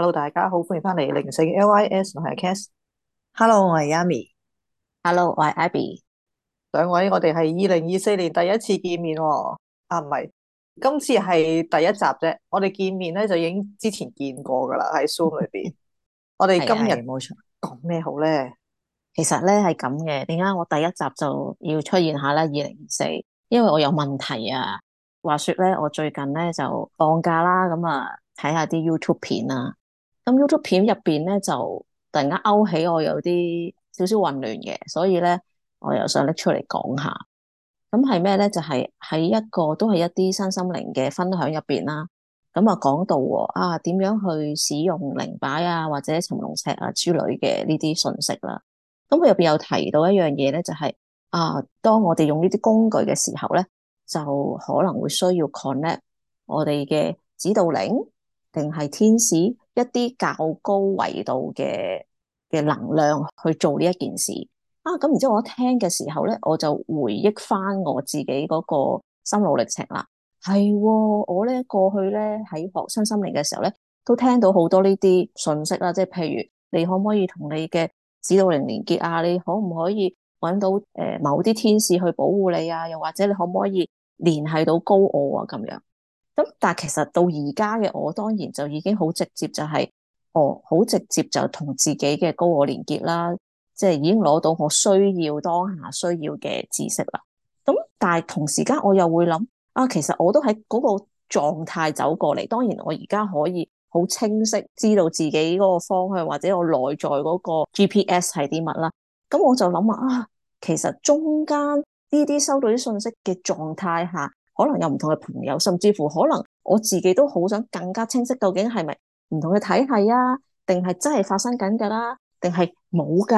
Hello，大家好，歡迎翻嚟。靈性 LYS 我係 Cass，Hello，我係 Yami，Hello，我係 Abby。兩位，我哋係二零二四年第一次見面喎、哦。啊，唔係，今次係第一集啫。我哋見面咧就已經之前見過噶啦喺 Zoom 裏邊。 我哋們今日冇錯，講咩好咧？其實咧係咁嘅，點解我第一集就要出現下咧？二零二四，因為我有問題啊。話說咧，我最近咧就放假啦，咁啊睇下啲 YouTube 片啊。咁 YouTube 片入邊咧，就突然間勾起我有啲少少混亂嘅，所以咧我又想拎出嚟講下。咁係咩咧？就係、是、喺一個都係一啲身心靈嘅分享入邊啦。咁啊講到啊，點樣去使用靈擺啊，或者尋龍石啊之類嘅呢啲信息啦。咁佢入邊有提到一樣嘢咧，就係、是、啊，當我哋用呢啲工具嘅時候咧，就可能會需要 connect 我哋嘅指導靈定係天使。一啲較高維度嘅嘅能量去做呢一件事啊，咁然之後我聽嘅時候咧，我就回憶翻我自己嗰個心路歷程啦。係，我咧過去咧喺學身心靈嘅時候咧，都聽到好多呢啲信息啦，即係譬如你可唔可以同你嘅指導靈連結啊？你可唔可以揾到某啲天使去保護你啊？又或者你可唔可以聯繫到高我啊？咁樣。咁但係其實到而家嘅我當然就已經好直接就係，哦好直接就同自己嘅高我連結啦，即係已經攞到我需要當下需要嘅知識啦。咁但係同時間我又會諗啊，其實我都喺嗰個狀態走過嚟。當然我而家可以好清晰知道自己嗰個方向或者我內在嗰個 GPS 係啲乜啦。咁我就諗啊，其實中間呢啲收到啲信息嘅狀態下。可能有唔同嘅朋友，甚至乎可能我自己都好想更加清晰，究竟係咪唔同嘅體系啊？定係真係發生緊噶啦？定係冇噶？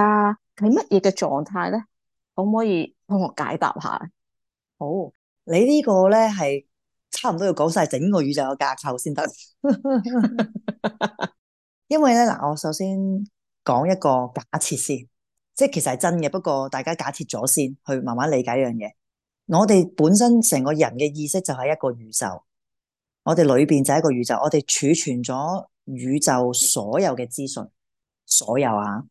係乜嘢嘅狀態咧？可唔可以幫我解答下？好，你呢個咧，係差唔多要講晒整個宇宙嘅架構先得， 因為咧，嗱，我首先講一個假設先，即係其實係真嘅，不過大家假設咗先，去慢慢理解一樣嘢。我哋本身成個人嘅意識就係一個宇宙，我哋裏面就係一個宇宙，我哋儲存咗宇宙所有嘅資訊，所有啊，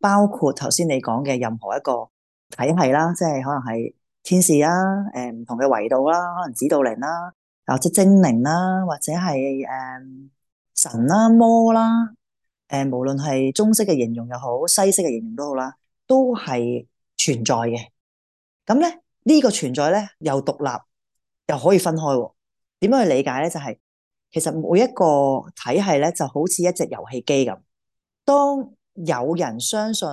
包括頭先你講嘅任何一個體系啦，即係可能係天使啦、啊，呃、唔同嘅維度啦、啊，可能指導靈啦、啊，或者精靈啦、啊，或者係、嗯、神啦、啊、魔啦、啊，誒、呃、無論係中式嘅形容又好，西式嘅形容都好啦，都係存在嘅。咁咧？呢個存在咧，又獨立又可以分開啊。點樣去理解咧？就係其實每一個體系咧，就好似一隻遊戲機咁。當有人相信，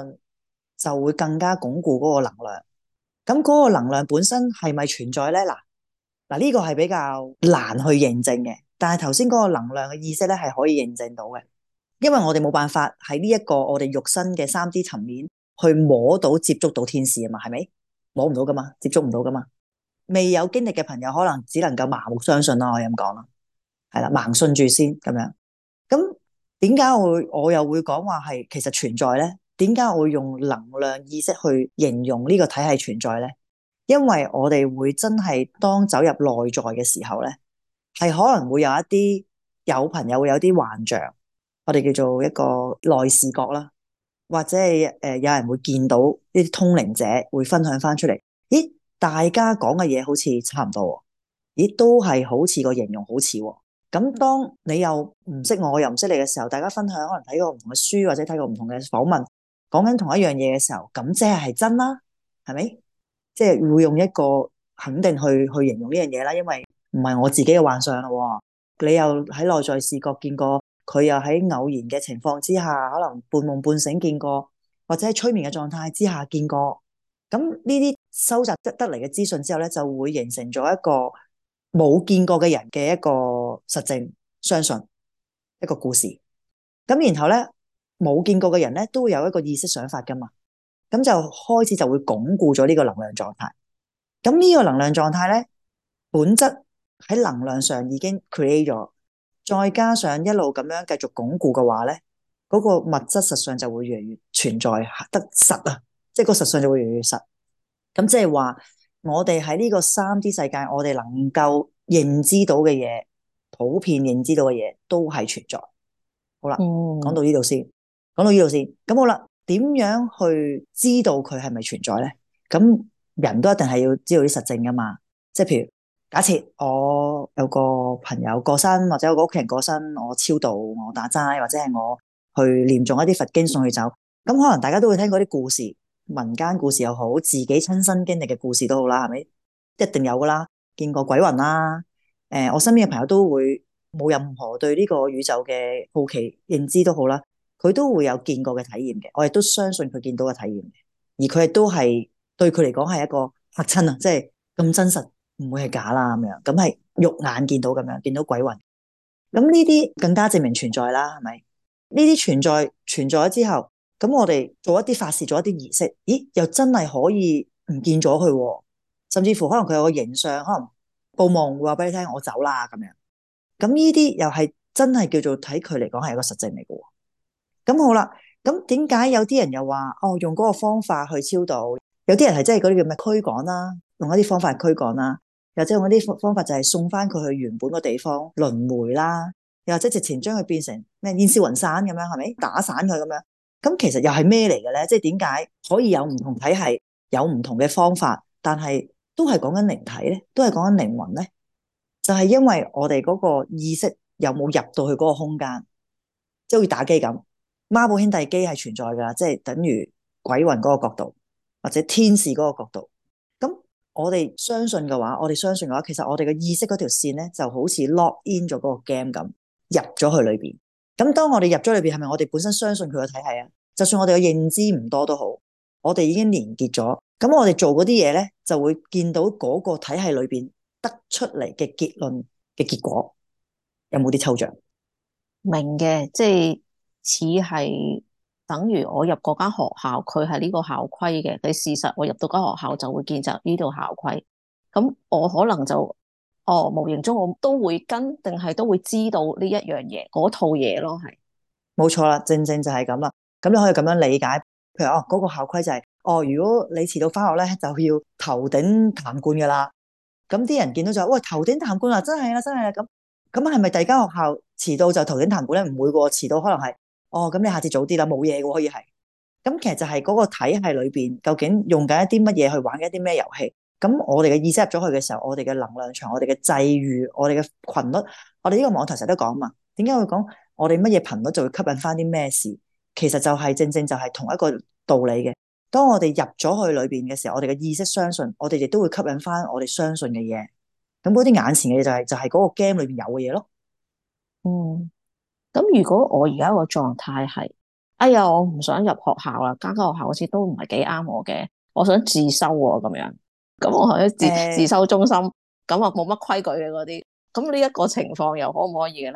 就會更加鞏固嗰個能量。咁嗰個能量本身係咪存在咧？嗱嗱，呢個係比較難去認證嘅。但係頭先嗰個能量嘅意識咧，係可以認證到嘅，因為我哋冇辦法喺呢一個我哋肉身嘅三 D 層面去摸到、接觸到天使啊嘛，係咪？攞唔到噶嘛，接觸唔到噶嘛，未有經歷嘅朋友可能只能夠盲目相信啦，我咁講啦，係啦，盲信住先咁樣。咁點解我我又會講話係其實存在咧？點解我會用能量意識去形容呢個體系存在咧？因為我哋會真係當走入內在嘅時候咧，係可能會有一啲有朋友會有啲幻象，我哋叫做一個內視角啦。或者係誒有人會見到呢啲通靈者會分享翻出嚟，咦？大家講嘅嘢好似差唔多喎，咦？都係好似個形容好似喎。咁當你又唔識我，我又唔識你嘅時候，大家分享可能睇過唔同嘅書或者睇過唔同嘅訪問，講緊同一樣嘢嘅時候，咁即係係真啦，係咪？即係會用一個肯定去去形容呢樣嘢啦，因為唔係我自己嘅幻想咯。你又喺內在視覺見過。佢又喺偶然嘅情況之下，可能半夢半醒見過，或者喺催眠嘅狀態之下見過。咁呢啲收集得嚟嘅資訊之後咧，就會形成咗一個冇見過嘅人嘅一個實證，相信一個故事。咁然後咧冇見過嘅人咧都會有一個意識想法㗎嘛，咁就開始就會鞏固咗呢個能量狀態。咁呢個能量狀態咧本質喺能量上已經 create 咗。再加上一路咁樣繼續鞏固嘅話咧，嗰個物質實相就會越嚟越存在得實啊，即係個實相就會越嚟越實。咁即係話，我哋喺呢個三 D 世界，我哋能夠認知到嘅嘢，普遍認知到嘅嘢都係存在。好啦，講到呢度先，講到呢度先。咁好啦，點樣去知道佢係咪存在咧？咁人都一定係要知道啲實證噶嘛，即係譬如。假設我有個朋友過身，或者有個屋企人過身，我超度我打齋，或者係我去念誦一啲佛經送去走，咁可能大家都會聽過啲故事，民間故事又好，自己親身經歷嘅故事都好啦，係咪？一定有噶啦，見過鬼魂啦。誒、呃，我身邊嘅朋友都會冇任何對呢個宇宙嘅好奇認知都好啦，佢都會有見過嘅體驗嘅，我亦都相信佢見到嘅體驗嘅，而佢亦都係對佢嚟講係一個吓親啊，即係咁真實。唔會係假啦，咁樣咁係肉眼見到咁樣見到鬼魂，咁呢啲更加證明存在啦，係咪？呢啲存在存在咗之後，咁我哋做一啲法事，做一啲儀式，咦，又真係可以唔見咗佢，甚至乎可能佢有個影像，可能報夢話俾你聽，我走啦咁樣。咁呢啲又係真係叫做睇佢嚟講係一個實證嚟嘅。咁好啦，咁點解有啲人又話哦，用嗰個方法去超度，有啲人係真係嗰啲叫咩驅趕啦，用一啲方法驅趕啦。又即係用啲方法，就係送翻佢去原本個地方輪回啦。又或者直情將佢變成咩煙消雲散咁樣，係咪打散佢咁樣？咁其實又係咩嚟嘅咧？即係點解可以有唔同體系、有唔同嘅方法，但係都係講緊靈體咧，都係講緊靈魂咧？就係因為我哋嗰個意識有冇入到去嗰個空間，即係好似打機咁，孖寶兄弟機係存在噶，即係等於鬼魂嗰個角度或者天使嗰個角度。我哋相信嘅話，我哋相信嘅話，其實我哋嘅意識嗰條線咧，就好似 lock in 咗嗰個 game 咁，入咗去裏邊。咁當我哋入咗裏邊，係咪我哋本身相信佢個體系啊？就算我哋嘅認知唔多都好，我哋已經連結咗。咁我哋做嗰啲嘢咧，就會見到嗰個體系裏邊得出嚟嘅結論嘅結果，有冇啲抽象？明嘅，即係似係。等於我入嗰間學校，佢係呢個校規嘅。你事實我入到間學校就會見習呢度校規，咁我可能就哦，無形中我都會跟，定係都會知道呢一樣嘢，嗰套嘢咯，係冇錯啦。正正就係咁啦。咁你可以咁樣理解，譬如，哦，嗰個校規就係，哦，如果你遲到翻學咧，就要頭頂痰罐，噶啦。咁啲人見到就喂，頭頂痰罐啊，真係啊，真係啊，咁咁，係咪第二間學校遲到就頭頂痰罐咧？唔會噶，遲到可能係。哦，咁你下次早啲啦，冇嘢嘅可以係。咁其實就係嗰個體系裏邊，究竟用緊一啲乜嘢去玩一啲咩遊戲？咁我哋嘅意識入咗去嘅時候，我哋嘅能量場、我哋嘅際遇、我哋嘅頻率，我哋呢個網台成日都講嘛。點解會講我哋乜嘢頻率就會吸引翻啲咩事？其實就係、是、正正就係同一個道理嘅。當我哋入咗去裏邊嘅時候，我哋嘅意識相信，我哋亦都會吸引翻我哋相信嘅嘢。咁嗰啲眼前嘅嘢就係、是、就係、是、嗰個 game 裏邊有嘅嘢咯。嗯。咁如果我而家個狀態係，哎呀，我唔想入學校啦，間間學校好似都唔係幾啱我嘅，我想自修喎，咁樣，咁我係自、欸、自修中心，咁啊冇乜規矩嘅嗰啲，咁呢一個情況又可唔可以嘅咧？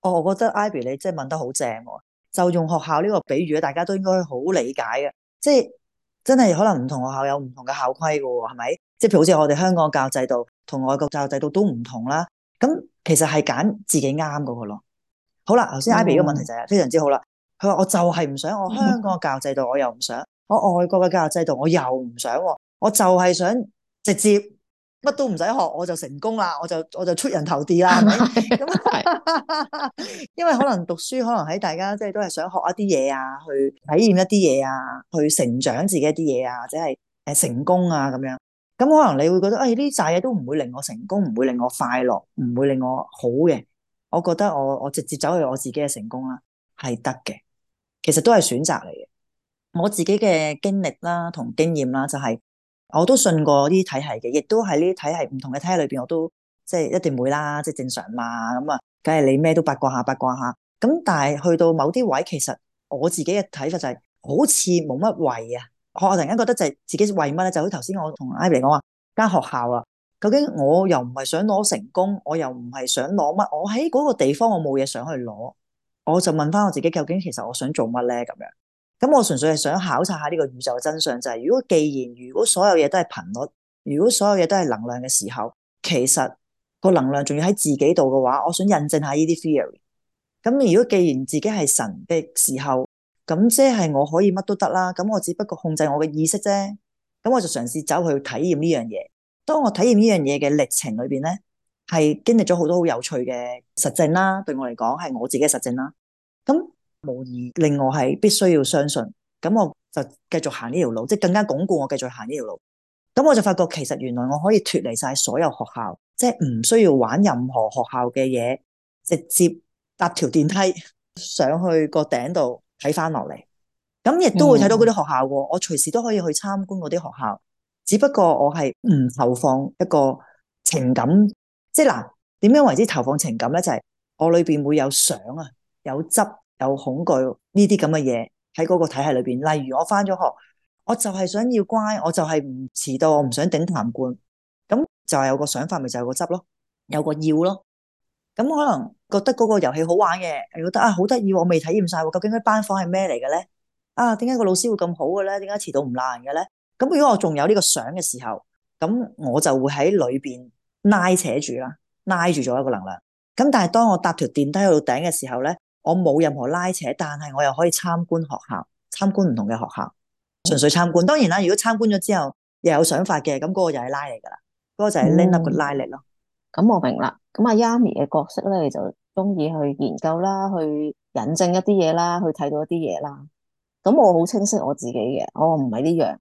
我覺得 Ivy 你即係問得好正，就用學校呢個比喻咧，大家都應該好理解嘅，即係真係可能唔同學校有唔同嘅校規喎，係咪？即係譬如好似我哋香港教育制度同外國教育制度都唔同啦，咁其實係揀自己啱嗰個咯。好啦，頭先 Ivy 個問題就係非常之好啦。佢話我就係唔想我香港嘅教育制度，我又唔想我外國嘅教育制度，我又唔想，我又唔想我就係想直接乜都唔使學，我就成功啦，我就我就出人頭地啦。係咪？咁 因為可能讀書可能喺大家即係、就是、都係想學一啲嘢啊，去體驗一啲嘢啊，去成長自己一啲嘢啊，或者係誒成功啊咁樣。咁可能你會覺得，哎，呢啲曬嘢都唔會令我成功，唔會令我快樂，唔會令我好嘅。我覺得我我直接走去我自己嘅成功啦，係得嘅。其實都係選擇嚟嘅。我自己嘅經歷啦，同經驗啦、就係，就係我都信過啲體系嘅，亦都喺呢啲體系唔同嘅體系裏邊，我都即係一定會啦，即係正常嘛。咁啊，梗係你咩都八卦下，八卦下。咁但係去到某啲位，其實我自己嘅睇法就係、是、好似冇乜為啊。我突然間覺得就係自己為乜咧，就好頭先我同 Ivy 講話間學校啊。究竟我又唔係想攞成功，我又唔係想攞乜，我喺嗰個地方我冇嘢想去攞，我就問翻我自己究竟，其實我想做乜呢？咁樣。咁我純粹係想考察下呢個宇宙真相，就係、是、如果既然如果所有嘢都係頻率，如果所有嘢都係能量嘅時候，其實個能量仲要喺自己度嘅話，我想印證下呢啲 theory。咁如果既然自己係神嘅時候，咁即係我可以乜都得啦。咁我只不過控制我嘅意識啫。咁我就嘗試走去體驗呢樣嘢。當我體驗呢樣嘢嘅歷程裏邊咧，係經歷咗好多好有趣嘅實證啦。對我嚟講，係我自己嘅實證啦。咁無疑令我係必須要相信。咁我就繼續行呢條路，即係更加鞏固我繼續行呢條路。咁我就發覺，其實原來我可以脫離晒所有學校，即係唔需要玩任何學校嘅嘢，直接搭條電梯上去個頂度睇翻落嚟。咁亦都會睇到嗰啲學校喎，嗯，我隨時都可以去參觀嗰啲學校。只不過我係唔投放一個情感，即係嗱，點樣為之投放情感咧？就係、是、我裏邊會有想啊、有執、有恐懼呢啲咁嘅嘢喺嗰個體系裏邊。例如我翻咗學，我就係想要乖，我就係唔遲到，我唔想頂壇冠。咁就係有個想法，咪就係個執咯，有個要咯。咁可能覺得嗰個遊戲好玩嘅，覺得啊好得意，我未體驗晒，究竟啲班房係咩嚟嘅咧？啊，點解個老師會咁好嘅咧？點解遲到唔鬧嘅咧？咁如果我仲有呢個想嘅時候，咁我就會喺裏面拉扯住啦，拉住咗一個能量。咁但係當我搭條電梯去到頂嘅時候咧，我冇任何拉扯，但係我又可以參觀學校，參觀唔同嘅學校，純粹參觀。嗯、當然啦，如果參觀咗之後又有想法嘅，咁嗰個就係拉力㗎啦，嗰、嗰個就係 link up 個拉力咯。咁、嗯、我明啦。咁阿 Yami 嘅角色咧，你就中意去研究啦，去引證一啲嘢啦，去睇到一啲嘢啦。咁我好清晰我自己嘅，我唔係呢樣。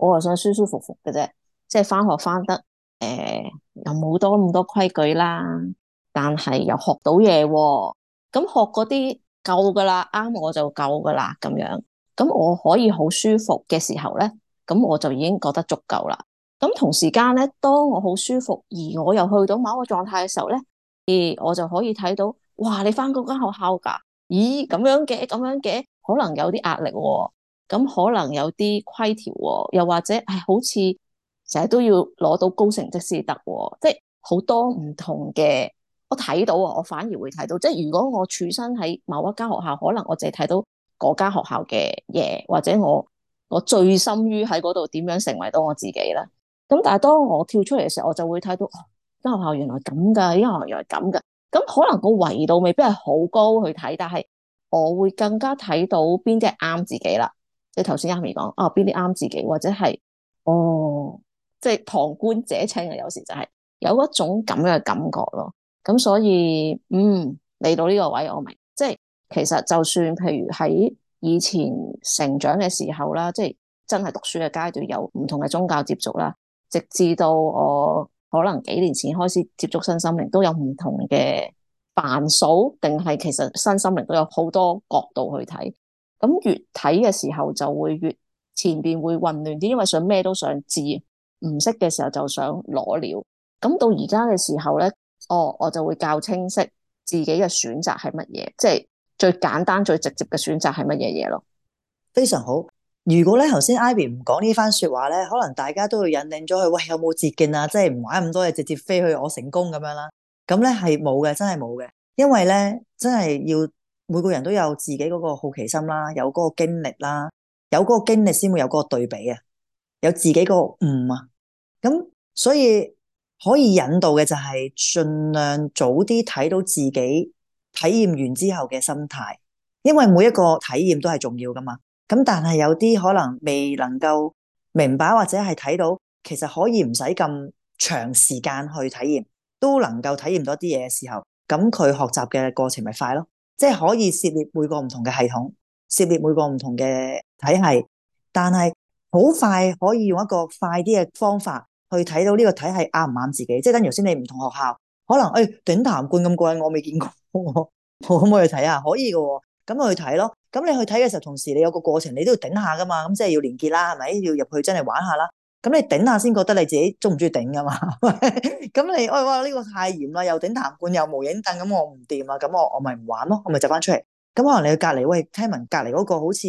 我啊想舒舒服服嘅啫，即係翻學翻得，誒，又冇多咁多規矩啦，但係又學到嘢，咁學嗰啲夠噶啦，啱我就夠噶啦咁樣，咁我可以好舒服嘅時候咧，咁我就已經覺得足夠啦。咁同時間咧，當我好舒服而我又去到某個狀態嘅時候咧，欸，我就可以睇到，哇你翻嗰間學校噶，咦咁樣嘅，咁樣嘅，可能有啲壓力喎，啊。咁可能有啲規條喎，又或者誒、哎，好似成日都要攞到高成績先得喎，即係好多唔同嘅。我睇到啊，我反而會睇到，即係如果我處身喺某一間學校，可能我淨係睇到嗰間學校嘅嘢，或者我我最深於喺嗰度點樣成為到我自己啦。咁但係當我跳出嚟嘅時候，我就會睇到，呢、哦、學校原來咁㗎，呢學校原來咁㗎。咁可能個維度未必係好高去睇，但係我會更加睇到邊啲係啱自己啦。即係頭先阿咪講，啊，邊啲啱自己，或者係，哦即係、就是、旁觀者清啊，有時就係有一種咁樣嘅感覺咯。咁所以，嗯嚟到呢個位，我明，即、就、係、是、其實就算譬如喺以前成長嘅時候啦，即、就、係、是、真係讀書嘅階段有唔同嘅宗教接觸啦，直至到我可能幾年前開始接觸身心靈，都有唔同嘅範疇，定係其實身心靈都有好多角度去睇。咁越睇嘅時候就會越前邊會混亂啲，因為想咩都想知，唔識嘅時候就想攞料。咁到而家嘅時候咧，哦，我就會較清晰自己嘅選擇係乜嘢，即係最簡單最直接嘅選擇係乜嘢嘢咯。非常好。如果咧頭先 Ivy 唔講呢番說話咧，可能大家都會引領咗佢：「喂，有冇捷徑啊？即係唔玩咁多嘢，直接飛去我成功咁樣啦」。咁咧係冇嘅，真係冇嘅，因為咧真係要。每個人都有自己嗰個好奇心啦，有嗰個經歷啦，有嗰個經歷先會有嗰個對比啊，有自己個誤啊，咁所以可以引導嘅就係盡量早啲睇到自己體驗完之後嘅心態，因為每一個體驗都係重要噶嘛。咁但係有啲可能未能夠明白或者係睇到，其實可以唔使咁長時間去體驗，都能夠體驗到一啲嘢嘅時候，咁佢學習嘅過程咪快咯。即係可以涉獵每個唔同嘅系統，涉獵每個唔同嘅體系，但係好快可以用一個快啲嘅方法去睇到呢個體系啱唔啱自己。即係等於先你唔同學校，可能誒、欸、頂壺罐咁貴，我未見過，喎。可唔可以去睇呀？可以嘅喎、哦，咁我去睇咯。咁你去睇嘅時候，同時你有個過程，你都要頂下噶嘛。咁即係要連結啦，係咪？要入去真係玩下啦。咁你頂下先，覺得你自己中唔中意頂噶嘛？ 咁你喂，哇呢個太嚴啦，又頂痰罐又無影凳，咁我唔掂啊，咁我我咪唔玩咯，我咪走翻出嚟。咁可能你去隔籬，喂，聽聞隔籬嗰個好似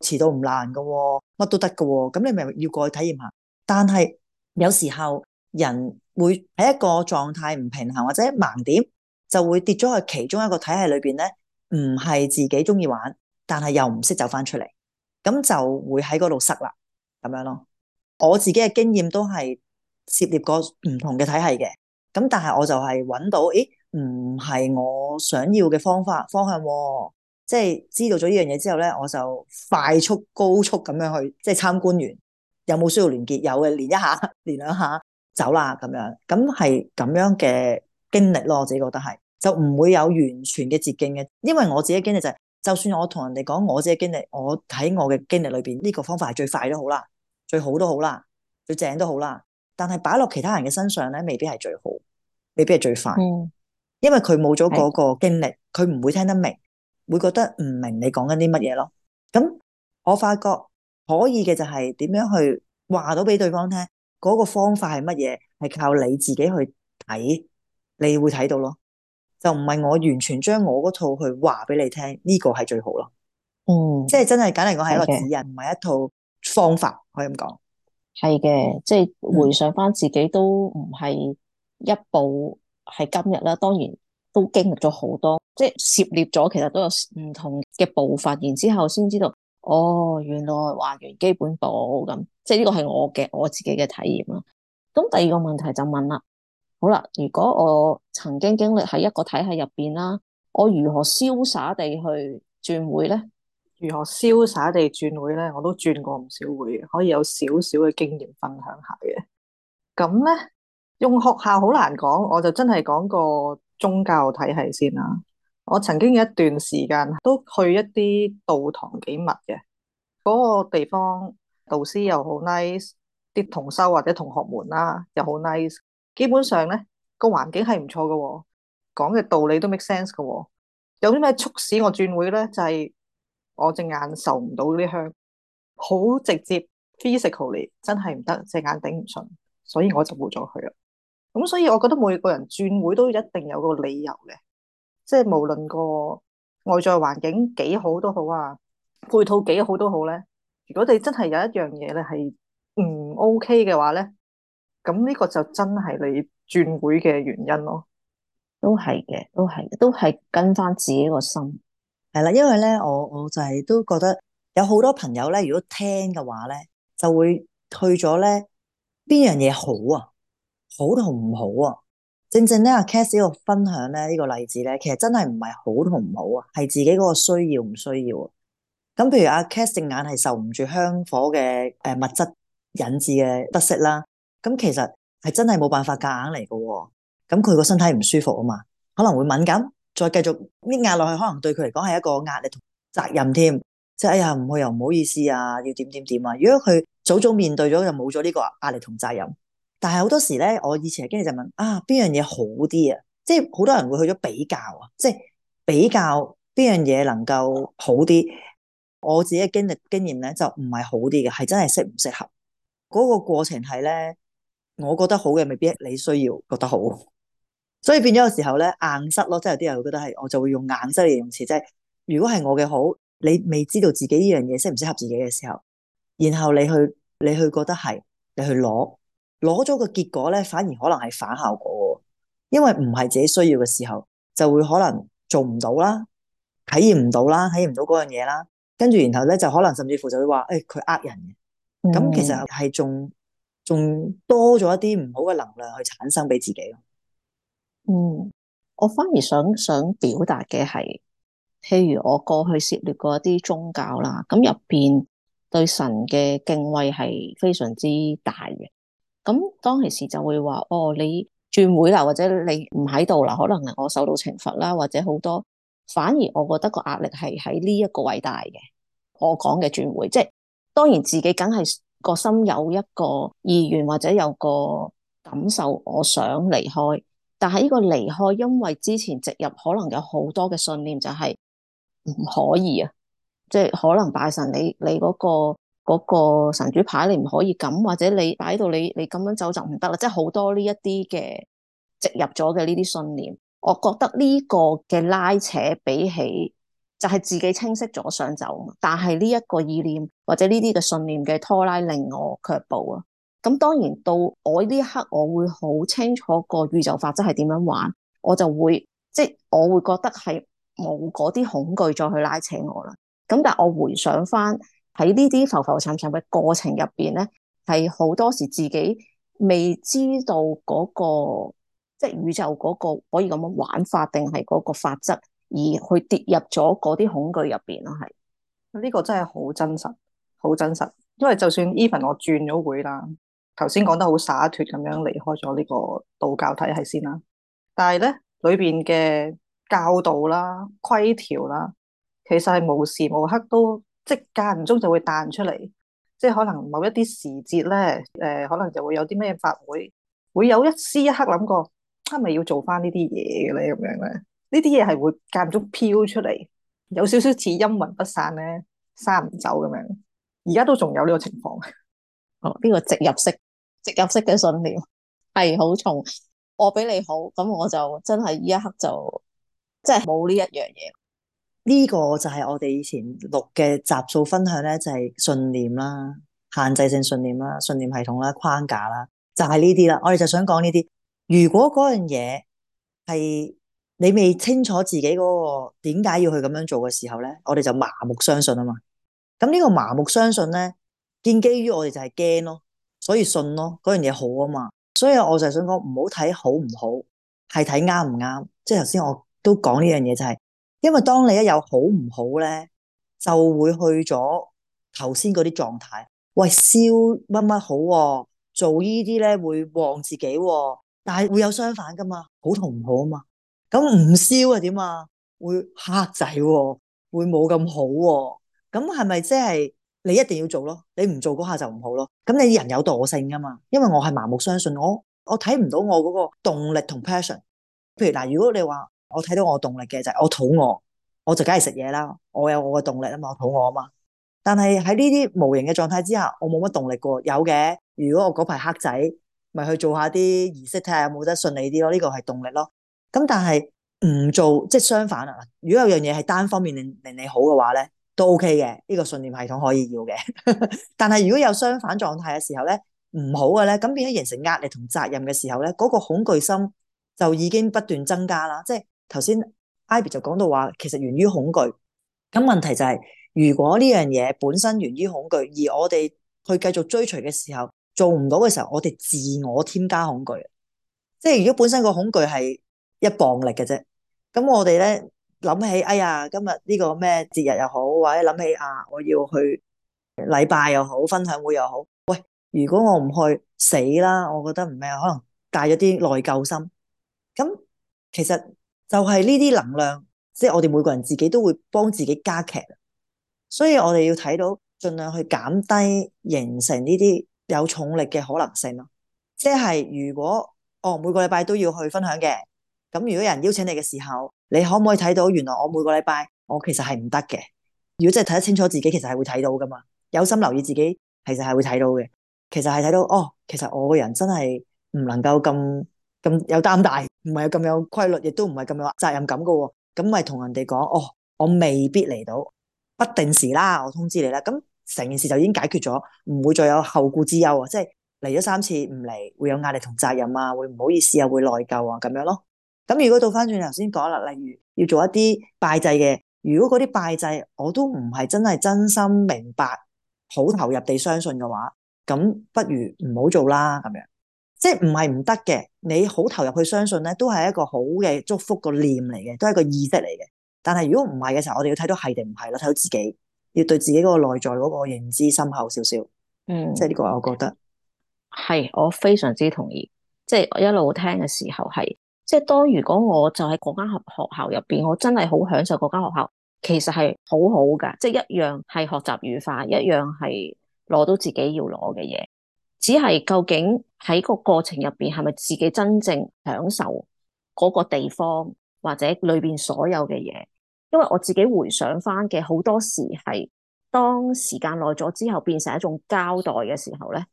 遲到唔難噶、哦，乜都得噶、哦，咁你咪要過去體驗下。但係有時候人會喺一個狀態唔平衡或者盲點，就會跌咗去其中一個體系裏邊咧，唔係自己中意玩，但係又唔識走翻出嚟，咁就會喺嗰度塞啦，咁樣咯。我自己嘅經驗都係涉獵過唔同嘅體系嘅，咁但係我就係揾到，誒，唔係我想要嘅方法方向喎，即係知道咗呢樣嘢之後咧，我就快速高速咁樣去，即係參觀完有冇需要連結，有嘅連一下，連兩下走啦咁樣，咁係咁樣嘅經歷咯。我自己覺得係就唔會有完全嘅捷徑嘅，因為我自己嘅經歷就係，就算我同人哋講我自己嘅經歷，我喺我嘅經歷裏邊呢個方法係最快都好啦。最好都好啦，最正都好啦，但係擺落其他人嘅身上咧，未必係最好，未必係最快，嗯，因為佢冇咗嗰個經歷，佢唔會聽得明，會覺得唔明你講緊啲乜嘢咯。咁我發覺可以嘅就係點樣去話到俾對方聽，嗰個方法係乜嘢，係靠你自己去睇，你會睇到咯。就唔係我完全將我嗰套去話俾你聽，呢個係最好咯。嗯，即係真係，簡嚟講係一個指引，唔係一套。方法可以咁講，係嘅，即係回想翻自己都唔係一步係今日啦，嗯。當然都經歷咗好多，即係涉獵咗，其實都有唔同嘅步伐。然後之後先知道，哦，原來還原基本步咁。即係呢個係我嘅我自己嘅體驗啦。咁第二個問題就問啦，好啦，如果我曾經經歷喺一個體系入邊啦，我如何瀟灑地去轉會咧？如何瀟灑地轉會咧？我都轉過唔少會，可以有少少嘅經驗分享下嘅。咁咧，用學校好難講，我就真係講個宗教體係先啦。我曾經有一段時間都去一啲道堂幾密嘅，嗰、那個地方導師又好 nice，啲同修或者同學們啦、啊、又好 nice，基本上咧個環境係唔錯嘅，講嘅道理都 make sense 嘅、哦。有啲咩促使我轉會咧？就係、是。我隻眼受唔到呢香，好直接 physically 真係唔得，隻眼頂唔順，所以我就冇咗佢啊。咁所以，我覺得每個人轉會都一定有一個理由嘅，即係無論個外在環境幾好都好啊，配套幾好都好咧。如果你真係有一樣嘢咧係唔 OK 嘅話咧，咁呢個就真係你轉會嘅原因咯。都係嘅，都係，都係跟翻自己個心。係啦，因為咧，我我就係都覺得有好多朋友咧，如果聽嘅話咧，就會去咗咧邊樣嘢好啊，好同唔好啊。正正咧阿 Kathy 個分享咧呢、這個例子咧，其實真係唔係好同唔好啊，係自己嗰個需要唔需要、啊。咁譬如阿 Kathy 眼係受唔住香火嘅誒、呃、物質引致嘅不適啦。咁其實係真係冇辦法夾硬嚟喎、啊。咁佢個身體唔舒服啊嘛，可能會敏感。再繼續搣壓落去，可能對佢嚟講係一個壓力同責任添。即係哎呀，唔去又唔好意思啊，要點點點啊。如果佢早早面對咗，就冇咗呢個壓力同責任。但係好多時咧，我以前嘅經歷就問啊，邊樣嘢好啲啊？即係好多人會去咗比較啊，即係比較邊樣嘢能夠好啲。我自己嘅經歷經驗咧，就唔係好啲嘅，係真係適唔適合。嗰個過程係咧，我覺得好嘅未必你需要覺得好。所以變咗有時候咧，硬塞咯，即係有啲人會覺得係，我就會用硬塞嘅形容詞。即係如果係我嘅好，你未知道自己呢樣嘢適唔適合自己嘅時候，然後你去你去覺得係你去攞攞咗個結果咧，反而可能係反效果，因為唔係自己需要嘅時候，就會可能做唔到啦，體驗唔到啦，體驗唔到嗰樣嘢啦，跟住然後咧就可能甚至乎就會話誒佢呃人嘅，咁其實係仲仲多咗一啲唔好嘅能量去產生俾自己嗯，我反而想想表達嘅係，譬如我過去涉獵過一啲宗教啦，咁入邊對神嘅敬畏係非常之大嘅。咁當其時就會話，哦，你轉會啦，或者你唔喺度啦，可能係我受到懲罰啦，或者好多。反而我覺得個壓力係喺呢一個位大嘅，我講嘅轉會，即係當然自己梗係個心有一個意願或者有個感受，我想離開。但係呢個離開，因為之前植入可能有好多嘅信念就是不，就係唔可以啊，即係可能拜神你你嗰、嗰個、嗰個神主牌你唔可以咁，或者你擺到你你咁樣走就唔得啦，即係好多呢一啲嘅植入咗嘅呢啲信念，我覺得呢個嘅拉扯比起就係自己清晰咗想走，但係呢一個意念或者呢啲嘅信念嘅拖拉令我卻步啊。咁當然到我呢一刻，我會好清楚個宇宙法則係點樣玩，我就會即係、就是、我會覺得係冇嗰啲恐懼再去拉扯我啦。咁但係我回想翻喺呢啲浮浮沉沉嘅過程入邊咧，係好多時自己未知道嗰、嗰個即係、就是、宇宙嗰個可以咁樣玩法定係嗰個法則，而去跌入咗嗰啲恐懼入邊咯。係、這、呢個真係好真實，好真實。因為就算 even 我轉咗會啦。頭先講得好灑脫咁樣離開咗呢個道教體系先啦，但係咧裏邊嘅教導啦、規條啦，其實係無時無刻都即係間唔中就會彈出嚟，即係可能某一啲時節咧，誒、呃、可能就會有啲咩法會，會有一絲一刻諗過，係咪要做翻呢啲嘢嘅咧咁樣咧。呢啲嘢係會間唔中飄出嚟，有少少似陰魂不散咧，閂唔走咁樣。而家都仲有呢個情況，哦，呢、呢個直入式。夾式嘅信念係好重，我比你好，咁我就真係呢一刻就即係冇呢一樣嘢。呢個就係我哋以前錄嘅集數分享咧，就係信念啦、限制性信念啦、信念系統啦、框架啦，就係呢啲啦。我哋就想講呢啲。如果嗰樣嘢係你未清楚自己嗰個點解要去咁樣做嘅時候咧，我哋就麻木相信啊嘛。咁呢個麻木相信咧，建基於我哋就係驚咯。所以信咯，嗰樣嘢好啊嘛，所以我就係想講唔好睇好唔好，係睇啱唔啱。即係頭先我都講呢樣嘢就係、是，因為當你一有好唔好咧，就會去咗頭先嗰啲狀態。喂，燒乜乜好、喎？做呢啲咧會旺自己、喎，但係會有相反噶嘛，好同唔好啊嘛。咁唔燒啊點啊？會黑仔、喎，會冇咁好。咁係咪即係？你一定要做咯，你唔做嗰下就唔好咯。咁你啲人有惰性噶嘛，因為我係盲目相信，我我睇唔到我嗰個動力同 passion。譬如嗱，如果你話我睇到我動力嘅就係我肚餓，我就梗係食嘢啦。我有我嘅動力啊嘛，我肚餓啊嘛。但係喺呢啲無形嘅狀態之下，我冇乜動力過。有嘅，如果我嗰排黑仔，咪去做下啲儀式睇下有冇得順利啲咯。呢個係動力咯。咁但係唔做即係相反啊。如果有樣嘢係單方面令令你好嘅話咧，都 OK 嘅，呢個信念系統可以要嘅。 但係如果有相反狀態嘅時候咧，唔好嘅咧，咁變咗形成壓力同責任嘅時候咧，嗰個恐懼心就已經不斷增加啦。即係頭先 Ivy 就講到話，其實源於恐懼。咁問題就係，如果呢樣嘢本身源於恐懼，而我哋去繼續追隨嘅時候，做唔到嘅時候，我哋自我添加恐懼。即係如果本身個恐懼係一磅力嘅啫，咁我哋咧。諗起哎呀，今日呢個咩節日又好，或者諗起啊，我要去禮拜又好，分享會又好。喂，如果我唔去，死啦！我覺得唔咩，可能帶咗啲內疚心。咁其實就係呢啲能量，即係我哋每個人自己都會幫自己加劇。所以我哋要睇到盡量去減低形成呢啲有重力嘅可能性咯。即係如果哦，每個禮拜都要去分享嘅，咁如果有人邀請你嘅時候。你可唔可以睇到？原來我每個禮拜我其實係唔得嘅。如果真係睇得清楚自己，其實係會睇到噶嘛。有心留意自己，其實係會睇到嘅。其實係睇到哦，其實我個人真係唔能夠咁咁有擔大，唔係咁有規律，亦都唔係咁有責任感噶喎。咁咪同人哋講哦，我未必嚟到，不定時啦，我通知你啦。咁成件事就已經解決咗，唔會再有後顧之憂啊。即係嚟咗三次唔嚟，會有壓力同責任啊，會唔好意思啊，會內疚啊，咁樣咯。咁如果到翻轉頭先講啦，例如要做一啲拜祭嘅，如果嗰啲拜祭我都唔係真係真心明白、好投入地相信嘅話，咁不如唔好做啦咁樣。即係唔係唔得嘅，你好投入去相信咧，都係一個好嘅祝福個念嚟嘅，都係個意識嚟嘅。但係如果唔係嘅時候，我哋要睇到係定唔係啦，睇到自己要對自己嗰個內在嗰個認知深厚少少。嗯，即係呢個我覺得係，我非常之同意。即係我一路聽嘅時候係。即係當如果我就喺嗰間學學校入面，我真係好享受嗰間學校，其實係好好噶。即係一樣係學習愉快，一樣係攞到自己要攞嘅嘢。只係究竟喺個過程入邊係咪自己真正享受嗰個地方或者裏面所有嘅嘢？因為我自己回想翻嘅好多時係當時間耐咗之後變成一種交代嘅時候咧，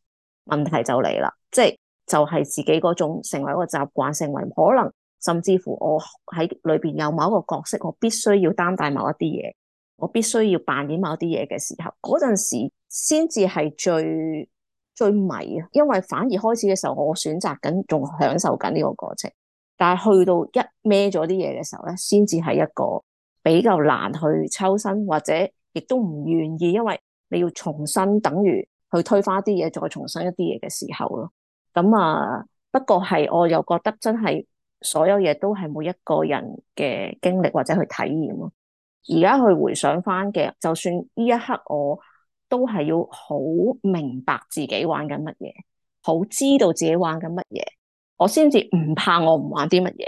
問題就嚟啦。即係。就係自己嗰種成為一個習慣，成為可能，甚至乎我喺裏邊有某一個角色，我必須要擔帶某一啲嘢，我必須要扮演某一啲嘢嘅時候，嗰陣時先至係最最迷啊！因為反而開始嘅時候，我選擇緊仲享受緊呢個過程，但係去到一孭咗啲嘢嘅時候咧，先至係一個比較難去抽身，或者亦都唔願意，因為你要重新等於去推翻一啲嘢，再重新一啲嘢嘅時候咯。咁啊，不過係我又覺得真係所有嘢都係每一個人嘅經歷或者去體驗咯。而家去回想翻嘅，就算呢一刻，我都係要好明白自己玩緊乜嘢，好知道自己玩緊乜嘢，我先至唔怕我唔玩啲乜嘢。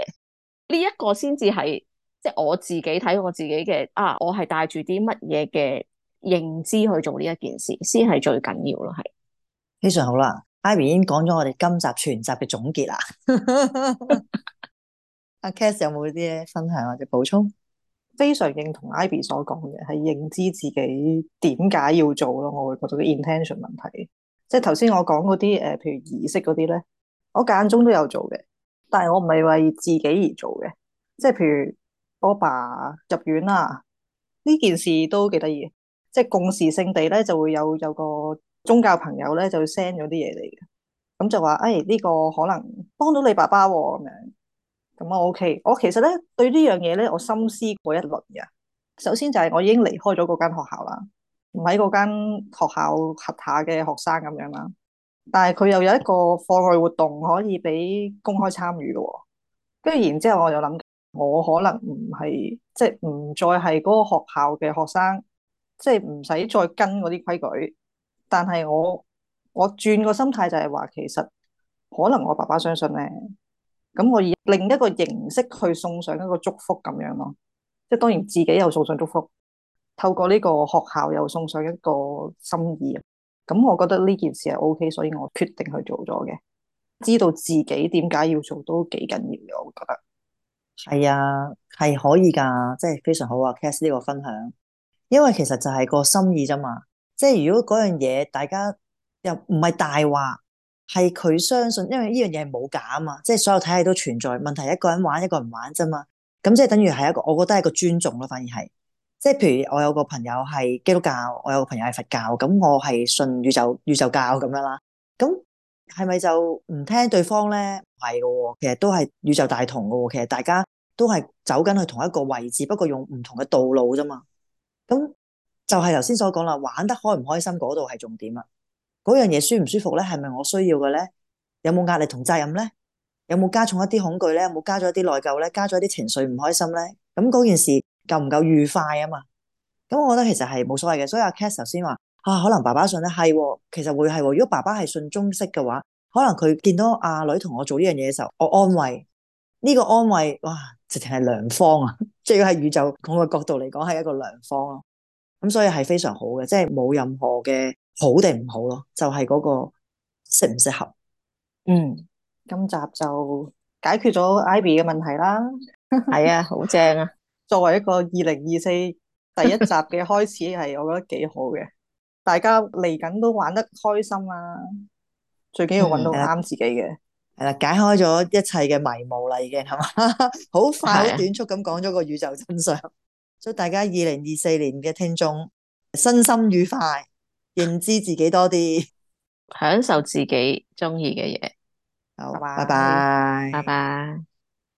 呢一個先至係即係我自己睇我自己嘅啊，我係帶住啲乜嘢嘅認知去做呢一件事，先係最緊要咯。係非常好啦。Ivy 已經講咗我哋今集全集嘅總結啦。阿 Cass 有冇啲分享或者補充？非常認同 Ivy 所講嘅，係認知自己點解要做咯。我會覺得啲 intention 問題，即係頭先我講嗰啲誒，譬如儀式嗰啲咧，我間中都有做嘅，但係我唔係為自己而做嘅。即係譬如我阿爸入院啦，呢件事都幾得意，即係共時性地咧就會有有個。宗教朋友咧就 send 咗啲嘢嚟嘅，咁就話：誒呢個可能幫到你爸爸喎，咁樣，咁我 OK。我其實咧對呢樣嘢咧，我深思過一輪嘅。首先就係我已經離開咗嗰間學校啦，唔喺嗰間學校轄下嘅學生咁樣啦。但係佢又有一個課外活動可以俾公開參與嘅，跟住然之後我就諗，我可能唔係即係唔再係嗰個學校嘅學生，即係唔使再跟嗰啲規矩。但係我我轉個心態就係話，其實可能我爸爸相信咧，咁我以另一個形式去送上一個祝福咁樣咯，即係當然自己又送上祝福，透過呢個學校又送上一個心意，咁我覺得呢件事係 OK，所以我決定去做咗嘅。知道自己點解要做都幾緊要嘅，我覺得係啊，係可以噶，即係非常好啊，Cass 呢個分享，因為其實就係個心意啫嘛。即係如果嗰樣嘢，大家又唔係大話，係佢相信，因為呢樣嘢係冇假啊嘛，即係所有體系都存在，問題一個人玩，一個人玩啫嘛，咁即係等於係一個，我覺得係一個尊重咯，反而係，即係譬如我有個朋友係基督教，我有個朋友係佛教，咁我係信宇宙宇宙教咁樣啦，咁係咪就唔聽對方咧？唔係噶，其實都係宇宙大同喎。其實大家都係走緊去同一個位置，不過用唔同嘅道路啫嘛，咁。就係頭先所講啦，玩得開唔開心嗰度係重點啊。嗰樣嘢舒唔舒服咧？係咪我需要嘅咧？有冇壓力同責任咧？有冇加重一啲恐懼咧？有冇加咗一啲內疚咧？加咗一啲情緒唔開心咧？咁嗰件事夠唔夠愉快啊嘛？咁我覺得其實係冇所謂嘅。所以阿 Cass 頭先話啊，可能爸爸信咧係，其實會係。如果爸爸係信中式嘅話，可能佢見到阿女同我做呢樣嘢嘅時候，我安慰呢個安慰，哇，直情係良方啊！即係喺宇宙咁嘅角度嚟講，係一個良方咯，啊。咁所以係非常好嘅，即係冇任何嘅好定唔好咯，就係嗰個適唔適合。嗯，今集就解決咗 Ivy 嘅問題啦。係啊，好正啊！作為一個二零二四第一集嘅開始，係我覺得幾好嘅。大家嚟緊都玩得開心啦！最緊要揾到啱自己嘅。係啦，解開咗一切嘅迷霧啦，已經係嘛？好快好短促咁講咗個宇宙真相。祝大家二零二四年嘅聽眾身心愉快，認知自己多啲，享受自己鍾意嘅嘢。好，拜拜，拜拜。Bye bye